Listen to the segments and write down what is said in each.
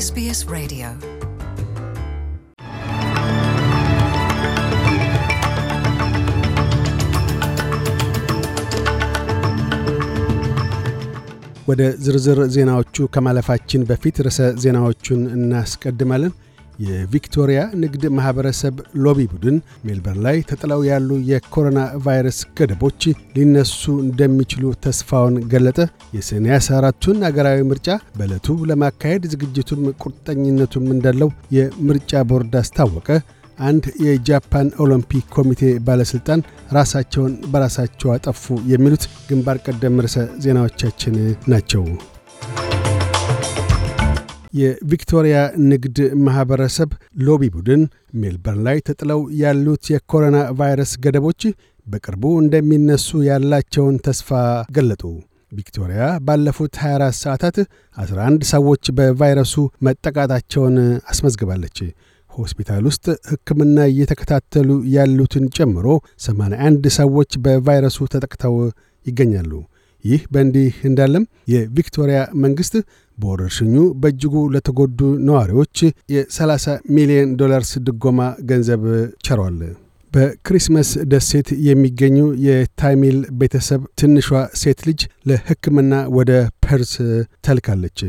SBS Radio ወደ ዝርዝር ዜናዎቹ ከማለፋችን በፊት ርዕሰ ዜናዎቹን እናስቀድማለን። የቪክቶሪያ ንግድ ማኅበረሰብ ሎቢ ቡድን ሜልበርን ላይ ተጥለው ያሉ የኮሮና ቫይረስ ገደቦች ሊነሱ እንደሚችሉ ተስፋውን ገለጠ። የሰኔ 14ቱን አገራዊ ምርጫ በዕለቱ ለማካሄድ ዝግጅቱም ቁርጠኝነቱም እንዳለው የምርጫ ቦርድ አስታወቀ። አንድ የጃፓን ኦሎምፒክ ኮሚቴ ባለሥልጣን ራሳቸውን በራሳቸው አጠፉ። የሚሉት ግንባር ቀደም ርዕሰ ዜናዎቻችን ናቸው። የቪክቶሪያ ንግድ ማኅበረሰብ ሎቢ ቡድን ሜልበርን ላይ ተጥለው ያሉት የኮሮና ቫይረስ ገደቦች በቅርቡ እንደሚነሱ ያላቸውን ተስፋ ገለጡ። ቪክቶሪያ ባለፉት 24 ሰዓታት 11 ሰዎች በቫይረሱ መጠቃታቸውን አስመዝግባለች። ሆስፒታል ውስጥ ሕክምና እየተከታተሉ ያሉትን ጨምሮ 81 ሰዎች በቫይረሱ ተጠቅተው ይገኛሉ። ይህ በእንዲህ እንዳለም የቪክቶሪያ መንግሥት በወረርሽኙ በእጅጉ ለተጎዱ ነዋሪዎች የ30 ሚሊዮን ዶላርስ ድጎማ ገንዘብ ቸሯል። በክሪስመስ ደሴት የሚገኙ የታይሚል ቤተሰብ ትንሿ ሴት ልጅ ለሕክምና ወደ ፐርስ ተልካለች።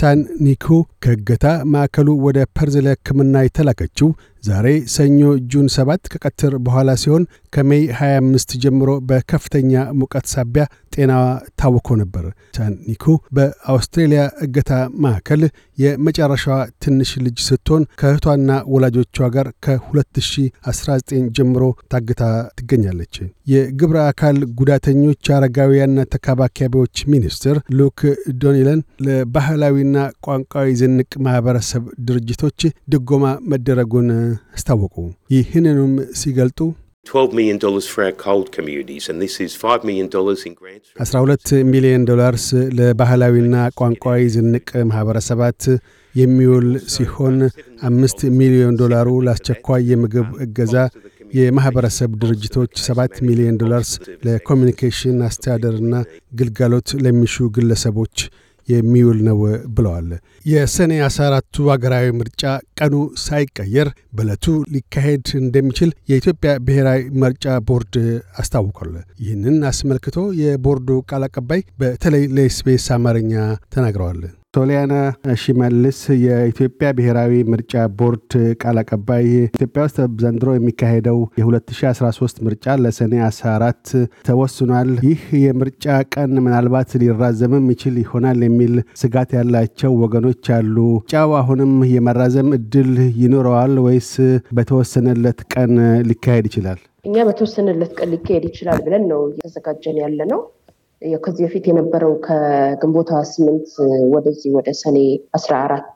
ታን ኒኩ ከእገታ ማዕከሉ ወደ ፐርዝ ለሕክምና የተላከችው ዛሬ ሰኞ ጁን 7 ከቀትር በኋላ ሲሆን ከሜይ 25 ጀምሮ በከፍተኛ ሙቀት ሳቢያ ጤናዋ ታውኮ ነበር። ሳኒኩ በአውስትሬልያ እገታ ማዕከል የመጨረሻዋ ትንሽ ልጅ ስትሆን ከእህቷና ወላጆቿ ጋር ከ2019 ጀምሮ ታግታ ትገኛለች። የግብረ አካል ጉዳተኞች አረጋውያንና ተካባካቢዎች ሚኒስትር ሉክ ዶኒለን ለባህላዊና ቋንቋዊ ዝንቅ ማኅበረሰብ ድርጅቶች ድጎማ መደረጉን አስታወቁ። ይህንንም ሲገልጡ 12 ሚሊዮን ዶላርስ ለባህላዊና ቋንቋዊ ዝንቅ ማኅበረሰባት የሚውል ሲሆን አምስት ሚሊዮን ዶላሩ ለአስቸኳይ የምግብ እገዛ የማኅበረሰብ ድርጅቶች፣ ሰባት ሚሊዮን ዶላርስ ለኮሚኒኬሽን አስተዳደርና ግልጋሎት ለሚሹ ግለሰቦች የሚውል ነው ብለዋል። የሰኔ 14ቱ አገራዊ ምርጫ ቀኑ ሳይቀየር በዕለቱ ሊካሄድ እንደሚችል የኢትዮጵያ ብሔራዊ ምርጫ ቦርድ አስታውቋል። ይህንን አስመልክቶ የቦርዱ ቃል አቀባይ በተለይ ለኤስቢኤስ አማርኛ ተናግረዋል። ቶሊያና ሽመልስ የኢትዮጵያ ብሔራዊ ምርጫ ቦርድ ቃል አቀባይ፣ ኢትዮጵያ ውስጥ ዘንድሮ የሚካሄደው የ2013 ምርጫ ለሰኔ 14 ተወስኗል። ይህ የምርጫ ቀን ምናልባት ሊራዘምም ይችል ይሆናል የሚል ስጋት ያላቸው ወገኖች አሉ። ምርጫው አሁንም የመራዘም እድል ይኖረዋል ወይስ በተወሰነለት ቀን ሊካሄድ ይችላል? እኛ በተወሰነለት ቀን ሊካሄድ ይችላል ብለን ነው እየተዘጋጀን ያለ ነው። ከዚህ በፊት የነበረው ከግንቦት ስምንት ወደዚህ ወደ ሰኔ አስራ አራት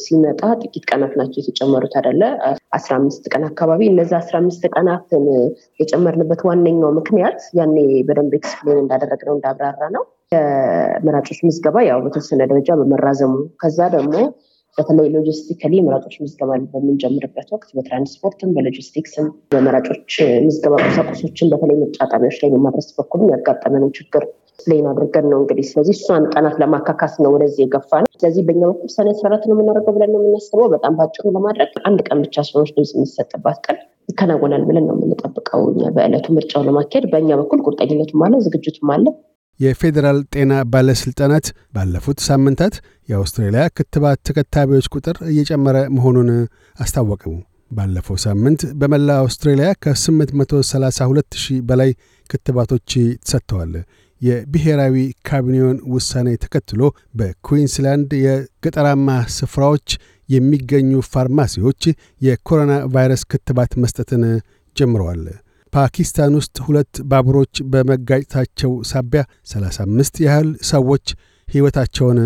ሲመጣ ጥቂት ቀናት ናቸው የተጨመሩት አደለ አስራ አምስት ቀን አካባቢ እነዚ አስራ አምስት ቀናትን የጨመርንበት ዋነኛው ምክንያት ያኔ በደንብ ኤክስፕሌን ነው እንዳብራራ ነው የመራጮች ምዝገባ ያው በተወሰነ ደረጃ በመራዘሙ ከዛ ደግሞ በተለይ ሎጂስቲካሊ መራጮች ምዝገባ በምንጀምርበት ወቅት በትራንስፖርትም በሎጂስቲክስም በመራጮች ምዝገባ ቁሳቁሶችን በተለይ ምርጫ ጣቢያዎች ላይ በማድረስ በኩልም ያጋጠመንን ችግር ፕሌን አድርገን ነው እንግዲህ ስለዚህ እሷን ቀናት ለማካካስ ነው ወደዚህ የገፋ ነው። ስለዚህ በኛ በኩል ሰኔ አስራ አራት ነው የምናደርገው ብለን ነው የምናስበው። በጣም በአጭሩ ለማድረግ አንድ ቀን ብቻ ሰዎች ድምፅ የሚሰጥባት ቀን ይከናወናል ብለን ነው የምንጠብቀው። በዕለቱ ምርጫው ለማካሄድ በእኛ በኩል ቁርጠኝነቱም አለ፣ ዝግጅቱም አለ። የፌዴራል ጤና ባለስልጣናት ባለፉት ሳምንታት የአውስትራሊያ ክትባት ተከታቢዎች ቁጥር እየጨመረ መሆኑን አስታወቁ። ባለፈው ሳምንት በመላ አውስትራሊያ ከ832 ሺህ በላይ ክትባቶች ተሰጥተዋል። የብሔራዊ ካቢኔውን ውሳኔ ተከትሎ በኩዊንስላንድ የገጠራማ ስፍራዎች የሚገኙ ፋርማሲዎች የኮሮና ቫይረስ ክትባት መስጠትን ጀምረዋል። ፓኪስታን ውስጥ ሁለት ባቡሮች በመጋጨታቸው ሳቢያ 35 ያህል ሰዎች ሕይወታቸውን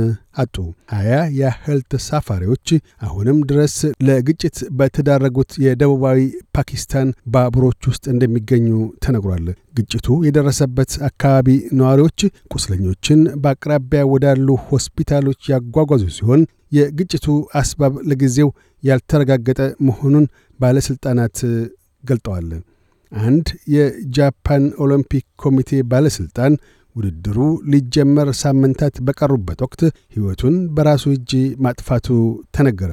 አጡ። ሀያ ያህል ተሳፋሪዎች አሁንም ድረስ ለግጭት በተዳረጉት የደቡባዊ ፓኪስታን ባቡሮች ውስጥ እንደሚገኙ ተነግሯል። ግጭቱ የደረሰበት አካባቢ ነዋሪዎች ቁስለኞችን በአቅራቢያ ወዳሉ ሆስፒታሎች ያጓጓዙ ሲሆን የግጭቱ አስባብ ለጊዜው ያልተረጋገጠ መሆኑን ባለሥልጣናት ገልጠዋል። አንድ የጃፓን ኦሎምፒክ ኮሚቴ ባለሥልጣን ውድድሩ ሊጀመር ሳምንታት በቀሩበት ወቅት ሕይወቱን በራሱ እጅ ማጥፋቱ ተነገረ።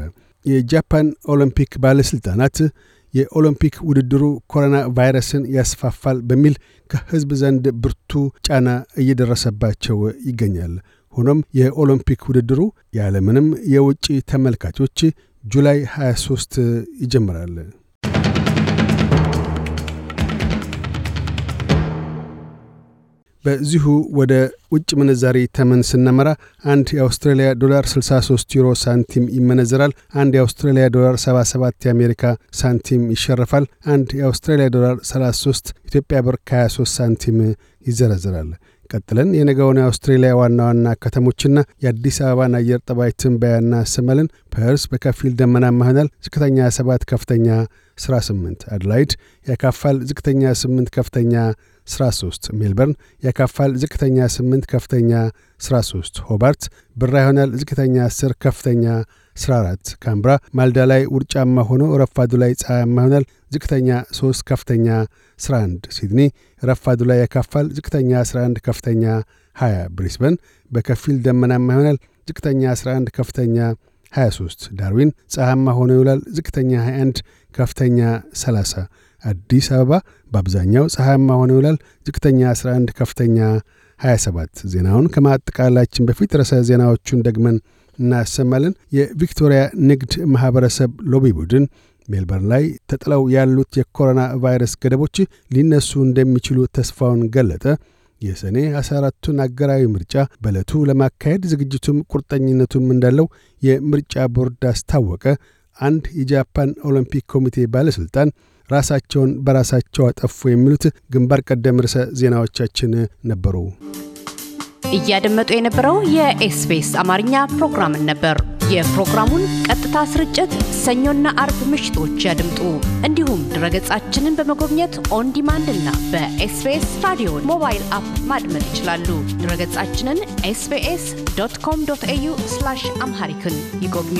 የጃፓን ኦሎምፒክ ባለሥልጣናት የኦሎምፒክ ውድድሩ ኮሮና ቫይረስን ያስፋፋል በሚል ከሕዝብ ዘንድ ብርቱ ጫና እየደረሰባቸው ይገኛል። ሆኖም የኦሎምፒክ ውድድሩ ያለምንም የውጭ ተመልካቾች ጁላይ 23 ይጀምራል። በዚሁ ወደ ውጭ ምንዛሪ ተመን ስነመራ አንድ የአውስትራሊያ ዶላር 63 ዩሮ ሳንቲም ይመነዘራል። አንድ የአውስትራሊያ ዶላር 77 የአሜሪካ ሳንቲም ይሸርፋል። አንድ የአውስትራሊያ ዶላር 33 ኢትዮጵያ ብር ከ23 ሳንቲም ይዘረዝራል። ቀጥለን የነገውን የአውስትሬሊያ ዋና ዋና ከተሞችና የአዲስ አበባን አየር ጠባይ ትንበያና ስመልን። ፐርስ በከፊል ደመናማ ይሆናል። ዝቅተኛ 7 ከፍተኛ 8 አድላይድ ያካፋል። ዝቅተኛ 8 ከፍተኛ ስራ 3 ሜልበርን ያካፋል። ዝቅተኛ 8 ከፍተኛ ስራ 3 ሆባርት ብራ ይሆናል። ዝቅተኛ 10 ከፍተኛ ስራ 4 ካምብራ ማልዳ ላይ ውርጫማ ሆኖ ረፋዱ ላይ ፀሐያማ ይሆናል። ዝቅተኛ 3 ከፍተኛ ስራ 1 ሲድኒ ረፋዱ ላይ ያካፋል። ዝቅተኛ 11 ከፍተኛ 20 ብሪስበን በከፊል ደመናማ ይሆናል። ዝቅተኛ 11 ከፍተኛ 23 ዳርዊን ፀሐያማ ሆኖ ይውላል። ዝቅተኛ 21 ከፍተኛ 30 አዲስ አበባ በአብዛኛው ፀሐያማ ሆኖ ይውላል። ዝቅተኛ 11፣ ከፍተኛ 27። ዜናውን ከማጠቃላችን በፊት ርዕሰ ዜናዎቹን ደግመን እናሰማለን። የቪክቶሪያ ንግድ ማኅበረሰብ ሎቢ ቡድን ሜልበርን ላይ ተጥለው ያሉት የኮሮና ቫይረስ ገደቦች ሊነሱ እንደሚችሉ ተስፋውን ገለጠ። የሰኔ 14ቱን አገራዊ ምርጫ በዕለቱ ለማካሄድ ዝግጅቱም ቁርጠኝነቱም እንዳለው የምርጫ ቦርድ አስታወቀ። አንድ የጃፓን ኦሎምፒክ ኮሚቴ ባለሥልጣን ራሳቸውን በራሳቸው አጠፉ የሚሉት ግንባር ቀደም ርዕሰ ዜናዎቻችን ነበሩ። እያደመጡ የነበረው የኤስቢኤስ አማርኛ ፕሮግራምን ነበር። የፕሮግራሙን ቀጥታ ስርጭት ሰኞና አርብ ምሽቶች ያድምጡ። እንዲሁም ድረገጻችንን በመጎብኘት ኦን ዲማንድ እና በኤስቢኤስ ራዲዮ ሞባይል አፕ ማድመጥ ይችላሉ። ድረገጻችንን ኤስቢኤስ ዶት ኮም ዶት ኤዩ አምሃሪክን ይጎብኙ።